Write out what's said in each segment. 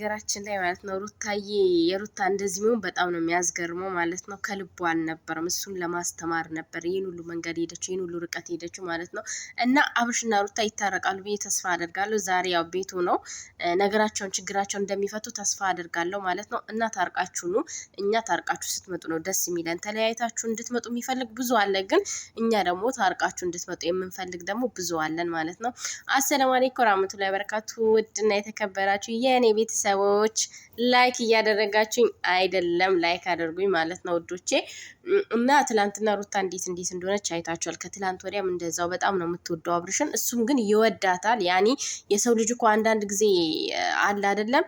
ሀገራችን ላይ ማለት ነው ሩታዬ የሩታ እንደዚህ ሚሆን በጣም ነው የሚያስገርመው ማለት ነው። ከልቡ አልነበረም፣ እሱን ለማስተማር ነበር ይህን ሁሉ መንገድ ሄደችው፣ ይህን ሁሉ ርቀት ሄደችው ማለት ነው። እና አብርሽና ሩታ ይታረቃሉ ብዬ ተስፋ አደርጋለሁ። ዛሬ ያው ቤቱ ነው ነገራቸውን፣ ችግራቸውን እንደሚፈቱ ተስፋ አደርጋለሁ ማለት ነው። እና ታርቃችሁ ኑ፣ እኛ ታርቃችሁ ስትመጡ ነው ደስ የሚለን። ተለያይታችሁ እንድትመጡ የሚፈልግ ብዙ አለ፣ ግን እኛ ደግሞ ታርቃችሁ እንድትመጡ የምንፈልግ ደግሞ ብዙ አለን ማለት ነው። አሰላሙ አለይኩም ወራህመቱላሂ ወበረካቱ። ውድና የተከበራችሁ የእኔ ቤተሰብ ቤተሰቦች ላይክ እያደረጋችሁኝ አይደለም፣ ላይክ አድርጉኝ ማለት ነው ውዶቼ። እና ትላንትና ሩታ እንዴት እንዴት እንደሆነች አይታችኋል። ከትላንት ወዲያም እንደዛው በጣም ነው የምትወደው አብርሽን፣ እሱም ግን ይወዳታል። ያኒ የሰው ልጅ እኮ አንዳንድ ጊዜ አለ አይደለም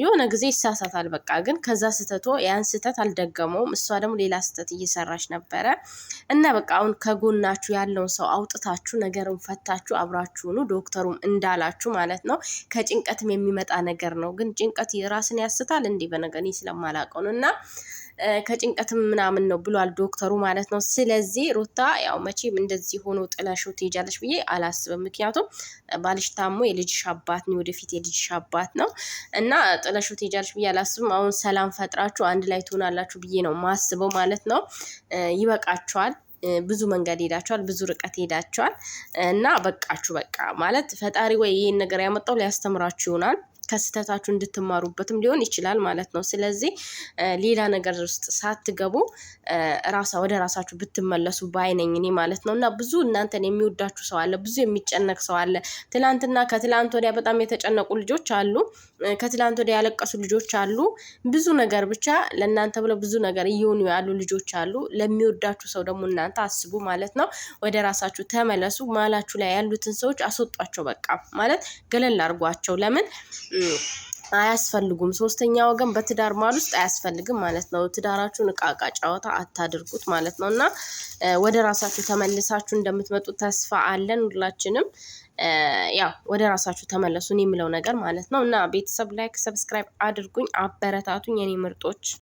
የሆነ ጊዜ ይሳሳታል። በቃ ግን ከዛ ስህተቶ ያን ስህተት አልደገመውም። እሷ ደግሞ ሌላ ስህተት እየሰራች ነበረ እና በቃ አሁን ከጎናችሁ ያለውን ሰው አውጥታችሁ ነገርን ፈታችሁ አብራችሁኑ ዶክተሩም እንዳላችሁ ማለት ነው። ከጭንቀትም የሚመጣ ነገር ነው። ግን ጭንቀት ራስን ያስታል እንዲህ በነገር ስለማላውቀው ነው እና ከጭንቀትም ምናምን ነው ብሏል ዶክተሩ ማለት ነው። ስለዚህ ሩታ ያው መቼም እንደዚህ ሆኖ ጥለሽው ትሄጃለሽ ብዬ አላስብም። ምክንያቱም ባልሽ ታሞ የልጅሽ አባት ነው፣ ወደፊት የልጅሽ አባት ነው እና ጥለሽው ትሄጃለሽ ብዬ አላስብም። አሁን ሰላም ፈጥራችሁ አንድ ላይ ትሆናላችሁ ብዬ ነው ማስበው ማለት ነው። ይበቃችኋል። ብዙ መንገድ ሄዳቸዋል፣ ብዙ ርቀት ሄዳቸዋል እና በቃችሁ። በቃ ማለት ፈጣሪ ወይ ይህን ነገር ያመጣው ሊያስተምራችሁ ይሆናል። ከስህተታችሁ እንድትማሩበትም ሊሆን ይችላል ማለት ነው። ስለዚህ ሌላ ነገር ውስጥ ሳትገቡ ራሳ ወደ ራሳችሁ ብትመለሱ ባይነኝ እኔ ማለት ነው። እና ብዙ እናንተን የሚወዳችሁ ሰው አለ፣ ብዙ የሚጨነቅ ሰው አለ። ትላንትና ከትላንት ወዲያ በጣም የተጨነቁ ልጆች አሉ፣ ከትላንት ወዲያ ያለቀሱ ልጆች አሉ። ብዙ ነገር ብቻ ለእናንተ ብለው ብዙ ነገር እየሆኑ ያሉ ልጆች አሉ። ለሚወዳችሁ ሰው ደግሞ እናንተ አስቡ ማለት ነው። ወደ ራሳችሁ ተመለሱ። ማላችሁ ላይ ያሉትን ሰዎች አስወጧቸው። በቃ ማለት ገለል አድርጓቸው ለምን አያስፈልጉም። ሶስተኛ ወገን በትዳር ማል ውስጥ አያስፈልግም ማለት ነው። ትዳራችሁን እቃ ጨዋታ አታድርጉት ማለት ነው እና ወደ ራሳችሁ ተመልሳችሁ እንደምትመጡ ተስፋ አለን ሁላችንም። ያው ወደ ራሳችሁ ተመለሱ የሚለው ነገር ማለት ነው እና ቤተሰብ ላይክ፣ ሰብስክራይብ አድርጉኝ፣ አበረታቱኝ የኔ ምርጦች።